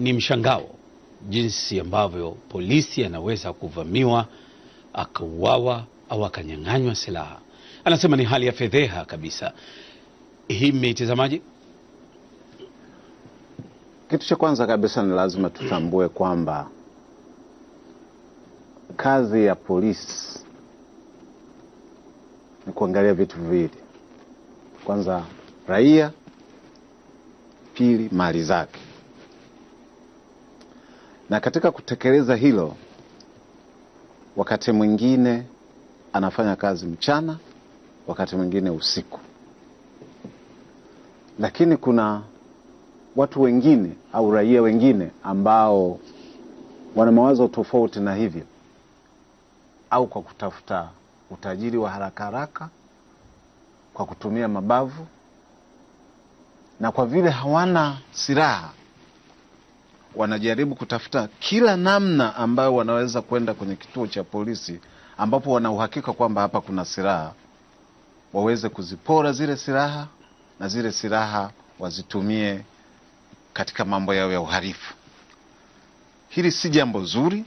ni mshangao jinsi ambavyo polisi anaweza kuvamiwa akauawa au akanyang'anywa silaha. Anasema ni hali ya fedheha kabisa. Hii mmeitazamaje? Kitu cha kwanza kabisa ni lazima tutambue kwamba kazi ya polisi ni kuangalia vitu viwili, kwanza raia, pili mali zake na katika kutekeleza hilo, wakati mwingine anafanya kazi mchana, wakati mwingine usiku. Lakini kuna watu wengine au raia wengine ambao wana mawazo tofauti na hivyo, au kwa kutafuta utajiri wa haraka haraka kwa kutumia mabavu, na kwa vile hawana silaha wanajaribu kutafuta kila namna ambayo wanaweza kwenda kwenye kituo cha polisi ambapo wana uhakika kwamba hapa kuna silaha, waweze kuzipora zile silaha na zile silaha wazitumie katika mambo yao ya uharifu Hili si jambo zuri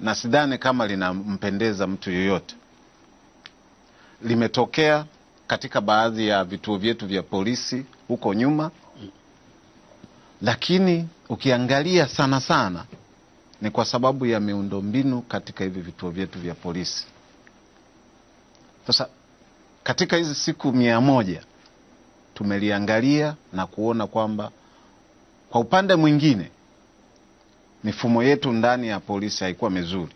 na sidhani kama linampendeza mtu yoyote. Limetokea katika baadhi ya vituo vyetu vya polisi huko nyuma lakini ukiangalia sana sana ni kwa sababu ya miundombinu katika hivi vituo vyetu vya polisi. Sasa katika hizi siku mia moja tumeliangalia na kuona kwamba kwa upande mwingine mifumo yetu ndani ya polisi haikuwa mizuri,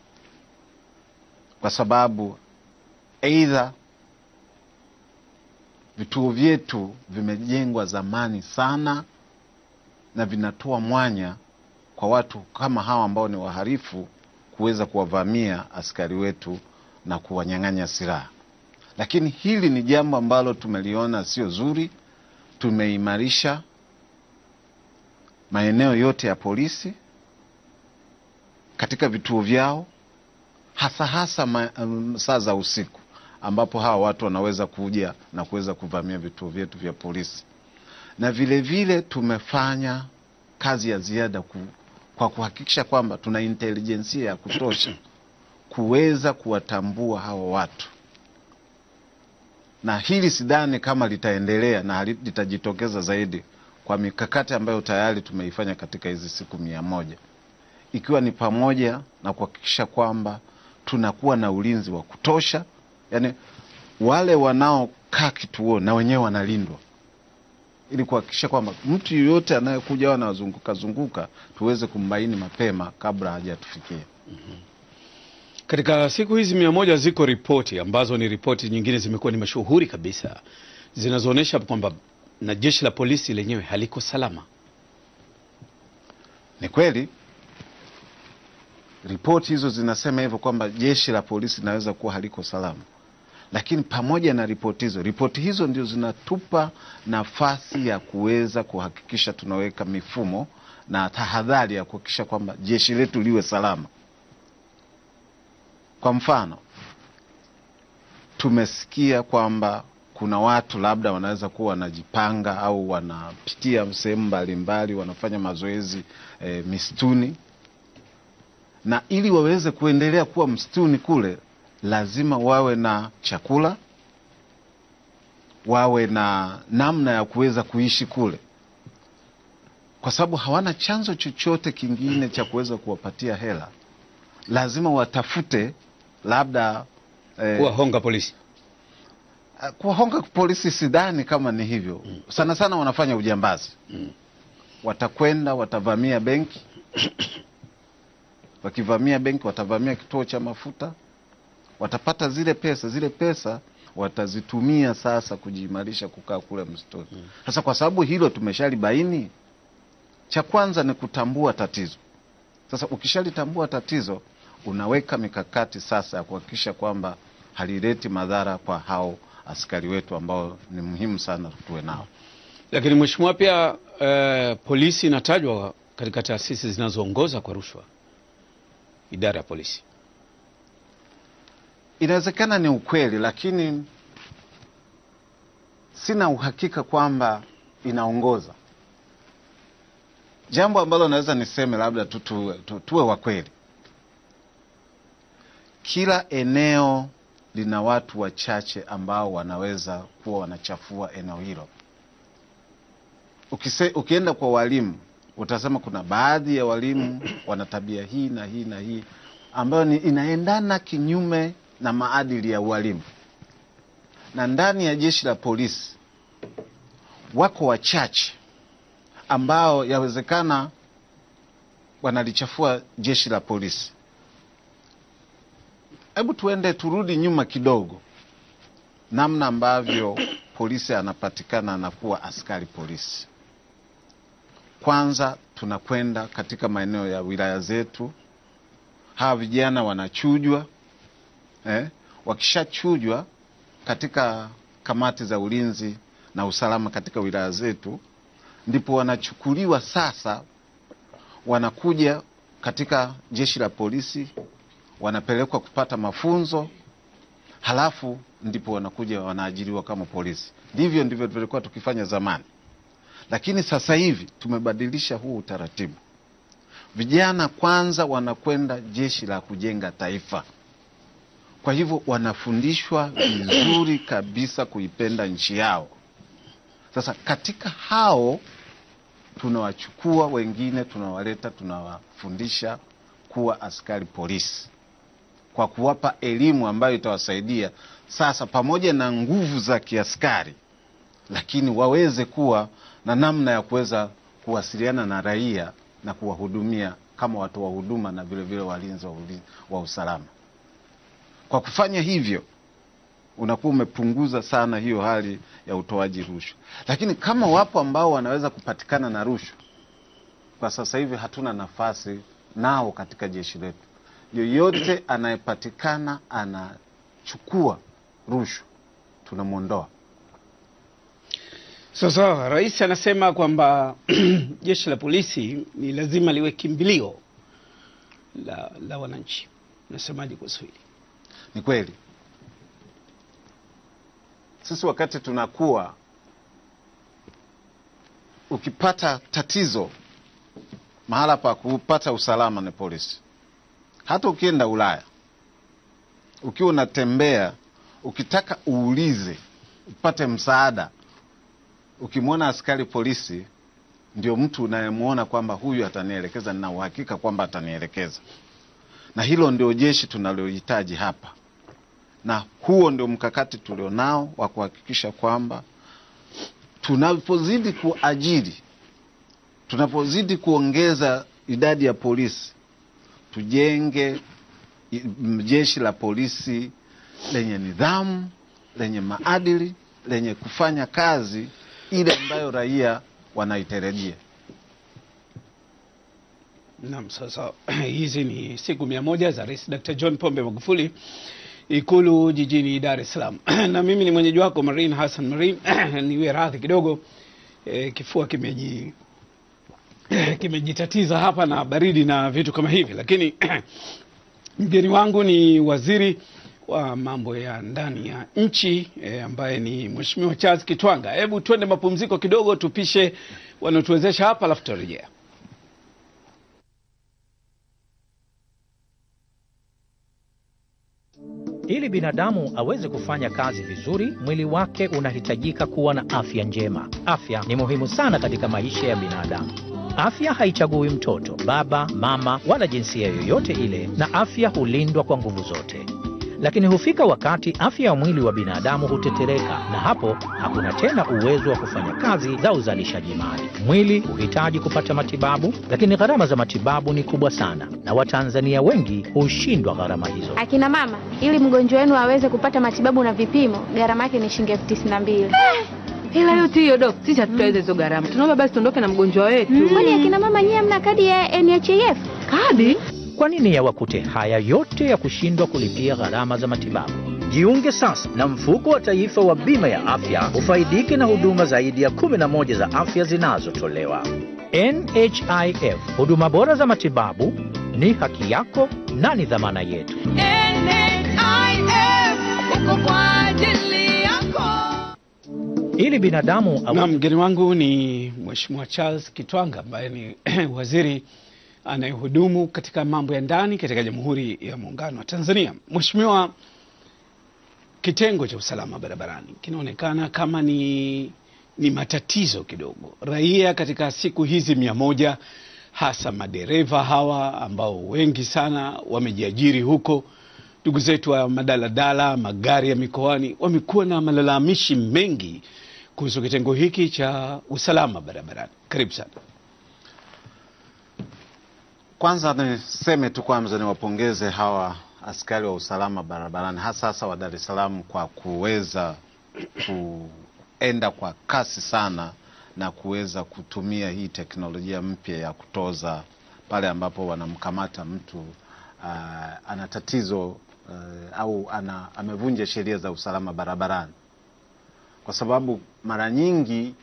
kwa sababu aidha vituo vyetu vimejengwa zamani sana na vinatoa mwanya kwa watu kama hawa ambao ni waharifu kuweza kuwavamia askari wetu na kuwanyang'anya silaha. Lakini hili ni jambo ambalo tumeliona sio zuri. Tumeimarisha maeneo yote ya polisi katika vituo vyao, hasa hasa um, saa za usiku ambapo hawa watu wanaweza kuja na kuweza kuvamia vituo vyetu vya polisi na vilevile vile tumefanya kazi ya ziada ku, kwa kuhakikisha kwamba tuna intelijensia ya kutosha kuweza kuwatambua hawa watu, na hili sidhani kama litaendelea na litajitokeza zaidi kwa mikakati ambayo tayari tumeifanya katika hizi siku mia moja ikiwa ni pamoja na kuhakikisha kwamba tunakuwa na ulinzi wa kutosha, yani wale wanaokaa kituo na wenyewe wanalindwa ili kuhakikisha kwamba mtu yoyote anayekuja wana wazunguka zunguka tuweze kumbaini mapema kabla hajatufikia. mm -hmm. Katika siku hizi mia moja ziko ripoti ambazo ni ripoti nyingine zimekuwa ni mashuhuri kabisa zinazoonyesha kwamba na jeshi la polisi lenyewe haliko salama. Ni kweli ripoti hizo zinasema hivyo kwamba jeshi la polisi linaweza kuwa haliko salama. Lakini pamoja na ripoti hizo, ripoti hizo ndio zinatupa nafasi ya kuweza kuhakikisha tunaweka mifumo na tahadhari ya kuhakikisha kwamba jeshi letu liwe salama. Kwa mfano, tumesikia kwamba kuna watu labda wanaweza kuwa wanajipanga au wanapitia sehemu mbalimbali, wanafanya mazoezi e, eh, mistuni na ili waweze kuendelea kuwa msituni kule lazima wawe na chakula, wawe na namna ya kuweza kuishi kule, kwa sababu hawana chanzo chochote kingine cha kuweza kuwapatia hela. Lazima watafute labda eh, kuwahonga polisi. Eh, kuwahonga polisi sidhani kama ni hivyo mm. Sana sana wanafanya ujambazi mm. Watakwenda watavamia benki wakivamia benki watavamia kituo cha mafuta watapata zile pesa, zile pesa watazitumia sasa kujiimarisha, kukaa kule msituni. Hmm. Sasa kwa sababu hilo tumeshalibaini, cha kwanza ni kutambua tatizo. Sasa ukishalitambua tatizo, unaweka mikakati sasa ya kuhakikisha kwamba halileti madhara kwa hao askari wetu ambao ni muhimu sana tuwe nao. Lakini mheshimiwa, pia eh, polisi inatajwa katika taasisi zinazoongoza kwa rushwa, idara ya polisi Inawezekana ni ukweli, lakini sina uhakika kwamba inaongoza. Jambo ambalo naweza niseme labda tutu, tu, tuwe wa kweli, kila eneo lina watu wachache ambao wanaweza kuwa wanachafua eneo hilo. Ukise, ukienda kwa walimu utasema kuna baadhi ya walimu wana tabia hii na hii na hii ambayo ni inaendana kinyume na maadili ya ualimu, na ndani ya jeshi la polisi wako wachache ambao yawezekana wanalichafua jeshi la polisi. Hebu tuende turudi nyuma kidogo, namna ambavyo polisi anapatikana anakuwa askari polisi. Kwanza tunakwenda katika maeneo ya wilaya zetu, hawa vijana wanachujwa eh, wakishachujwa katika kamati za ulinzi na usalama katika wilaya zetu, ndipo wanachukuliwa sasa, wanakuja katika jeshi la polisi, wanapelekwa kupata mafunzo, halafu ndipo wanakuja wanaajiriwa kama polisi. Ndivyo ndivyo tulikuwa tukifanya zamani, lakini sasa hivi tumebadilisha huu utaratibu. Vijana kwanza wanakwenda jeshi la kujenga taifa. Kwa hivyo wanafundishwa vizuri kabisa kuipenda nchi yao. Sasa katika hao tunawachukua wengine, tunawaleta, tunawafundisha kuwa askari polisi kwa kuwapa elimu ambayo itawasaidia sasa, pamoja na nguvu za kiaskari, lakini waweze kuwa na namna ya kuweza kuwasiliana na raia na kuwahudumia kama watoa huduma na vilevile walinzi wa usalama. Kwa kufanya hivyo unakuwa umepunguza sana hiyo hali ya utoaji rushwa. Lakini kama wapo ambao wanaweza kupatikana na rushwa, kwa sasa hivi hatuna nafasi nao katika jeshi letu. Yoyote anayepatikana anachukua rushwa, tunamwondoa. Sawa Rais anasema kwamba jeshi la polisi ni lazima liwe kimbilio la, la wananchi. Unasemaje kuhusu hili? Ni kweli sisi wakati tunakuwa, ukipata tatizo mahala pa kupata usalama ni polisi. Hata ukienda Ulaya, ukiwa unatembea, ukitaka uulize upate msaada, ukimwona askari polisi ndio mtu unayemwona kwamba huyu atanielekeza, nina uhakika kwamba atanielekeza. Na hilo ndio jeshi tunalohitaji hapa na huo ndio mkakati tulionao wa kuhakikisha kwamba tunapozidi kuajiri, tunapozidi kuongeza idadi ya polisi, tujenge jeshi la polisi lenye nidhamu, lenye maadili, lenye kufanya kazi ile ambayo raia wanaitarajia. Naam, sasa hizi ni siku mia moja za Rais Dr. John Pombe Magufuli Ikulu jijini Dar es Salaam na mimi ni mwenyeji wako Marin Hassan Marin. Niwe radhi kidogo e, kifua kimeji kimejitatiza hapa na baridi na vitu kama hivi, lakini mgeni wangu ni waziri wa mambo ya ndani ya nchi e, ambaye ni Mheshimiwa Charles Kitwanga. Hebu twende mapumziko kidogo, tupishe wanaotuwezesha hapa, alafu tutarejea. Ili binadamu aweze kufanya kazi vizuri, mwili wake unahitajika kuwa na afya njema. Afya ni muhimu sana katika maisha ya binadamu. Afya haichagui mtoto, baba, mama wala jinsia yoyote ile, na afya hulindwa kwa nguvu zote lakini hufika wakati afya ya mwili wa binadamu hutetereka, na hapo hakuna tena uwezo wa kufanya kazi za uzalishaji mali. Mwili huhitaji kupata matibabu, lakini gharama za matibabu ni kubwa sana, na Watanzania wengi hushindwa gharama hizo. Akina mama, ili mgonjwa wenu aweze kupata matibabu na vipimo, gharama yake ni shilingi elfu tisini na mbili. Eh, hela yote hiyo dok, sisi hatutaweza hizo gharama. Tunaomba basi tuondoke na mgonjwa wetu. Kwani akina mama nyewe mna kadi ya NHIF? Kadi? kwa nini yawakute haya yote ya kushindwa kulipia gharama za matibabu? Jiunge sasa na mfuko wa taifa wa bima ya afya ufaidike na huduma zaidi ya 11 za afya zinazotolewa. NHIF, huduma bora za matibabu ni haki yako na ni dhamana yetu. Ili binadamu na mgeni wangu ni Mheshimiwa Charles Kitwanga ambaye ni waziri anayehudumu katika mambo ya ndani katika Jamhuri ya Muungano wa Tanzania. Mheshimiwa, kitengo cha usalama barabarani kinaonekana kama ni, ni matatizo kidogo. Raia katika siku hizi mia moja hasa madereva hawa ambao wengi sana wamejiajiri huko, ndugu zetu wa madaladala, magari ya mikoani, wamekuwa na malalamishi mengi kuhusu kitengo hiki cha usalama barabarani. Karibu sana. Kwanza niseme tu kwanza niwapongeze hawa askari wa usalama barabarani hasa hasa wa Dar es Salaam kwa kuweza kuenda kwa kasi sana na kuweza kutumia hii teknolojia mpya ya kutoza pale ambapo wanamkamata mtu uh, ana tatizo uh, au ana, amevunja sheria za usalama barabarani, kwa sababu mara nyingi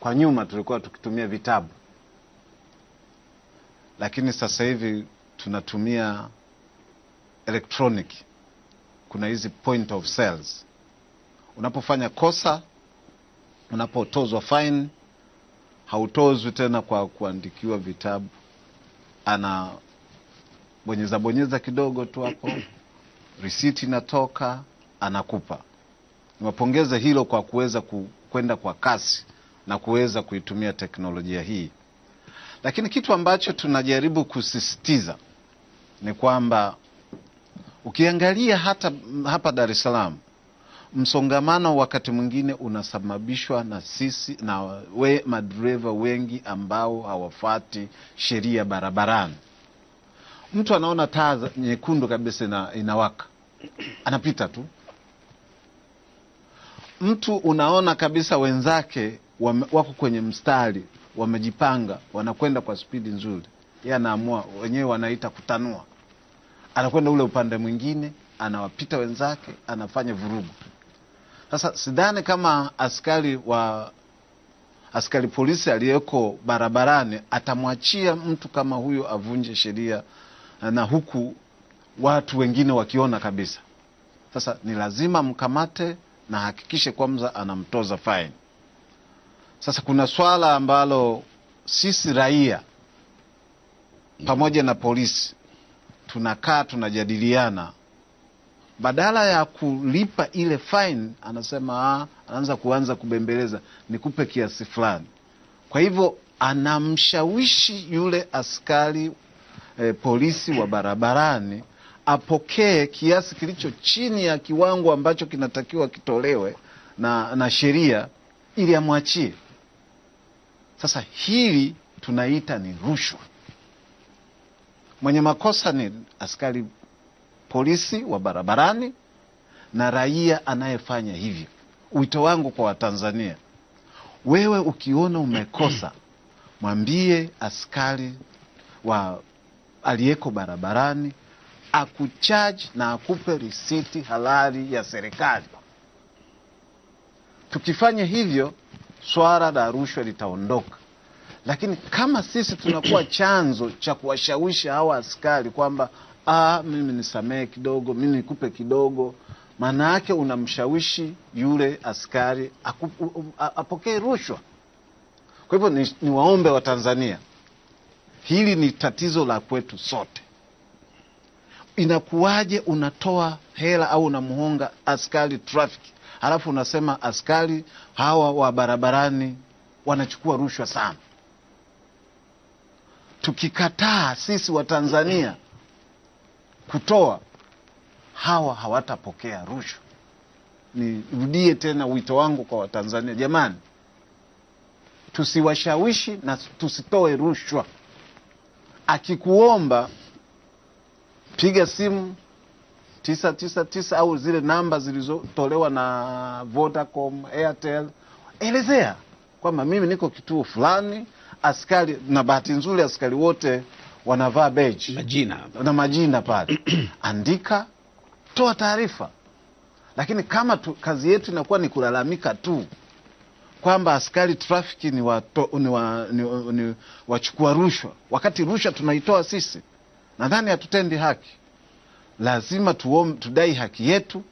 kwa nyuma tulikuwa tukitumia vitabu lakini sasa hivi tunatumia electronic. Kuna hizi point of sales, unapofanya kosa, unapotozwa fine, hautozwi tena kwa kuandikiwa vitabu, ana bonyeza bonyeza kidogo tu hapo receipt inatoka, anakupa. Niwapongeze hilo kwa kuweza kwenda kwa kasi na kuweza kuitumia teknolojia hii. Lakini kitu ambacho tunajaribu kusisitiza ni kwamba ukiangalia hata hapa Dar es Salaam msongamano wakati mwingine unasababishwa na sisi na we madereva wengi ambao hawafati sheria barabarani. Mtu anaona taa nyekundu kabisa ina, inawaka anapita tu. Mtu unaona kabisa wenzake wako kwenye mstari wamejipanga, wanakwenda kwa spidi nzuri, yeye anaamua, wenyewe wanaita kutanua, anakwenda ule upande mwingine, anawapita wenzake, anafanya vurugu. Sasa sidhani kama askari wa askari polisi aliyeko barabarani atamwachia mtu kama huyo avunje sheria, eh, na huku watu wengine wakiona kabisa. Sasa ni lazima mkamate na hakikishe kwamza anamtoza faini. Sasa kuna swala ambalo sisi raia mm. pamoja na polisi tunakaa tunajadiliana, badala ya kulipa ile fine anasema, ah, anaanza kuanza kubembeleza, nikupe kiasi fulani. Kwa hivyo anamshawishi yule askari eh, polisi wa barabarani apokee kiasi kilicho chini ya kiwango ambacho kinatakiwa kitolewe na, na sheria ili amwachie. Sasa hili tunaita ni rushwa. Mwenye makosa ni askari polisi wa barabarani na raia anayefanya hivyo. Wito wangu kwa Watanzania, wewe ukiona umekosa, mwambie askari wa aliyeko barabarani akuchaji na akupe risiti halali ya serikali. Tukifanya hivyo swala la rushwa litaondoka. Lakini kama sisi tunakuwa chanzo cha kuwashawishi hawa askari kwamba ah, mimi nisamehe kidogo, mimi nikupe kidogo, maana yake unamshawishi yule askari apokee rushwa. Kwa hivyo ni ni Watanzania, hili ni tatizo la kwetu sote. Inakuwaje unatoa hela au unamhonga askari trafiki halafu unasema askari hawa wa barabarani wanachukua rushwa sana. Tukikataa sisi Watanzania kutoa, hawa hawatapokea rushwa. Nirudie tena wito wangu kwa Watanzania, jamani, tusiwashawishi na tusitoe rushwa. Akikuomba piga simu, tisa tisa tisa au zile namba zilizotolewa na Vodacom, Airtel, elezea kwamba mimi niko kituo fulani, askari na bahati nzuri askari wote wanavaa beji majina na majina pale andika, toa taarifa. Lakini kama tu, kazi yetu inakuwa ni kulalamika tu kwamba askari trafiki ni wachukua ni wa, ni, ni, wachukua rushwa, wakati rushwa tunaitoa sisi, nadhani hatutendi haki lazima tuom, tudai haki yetu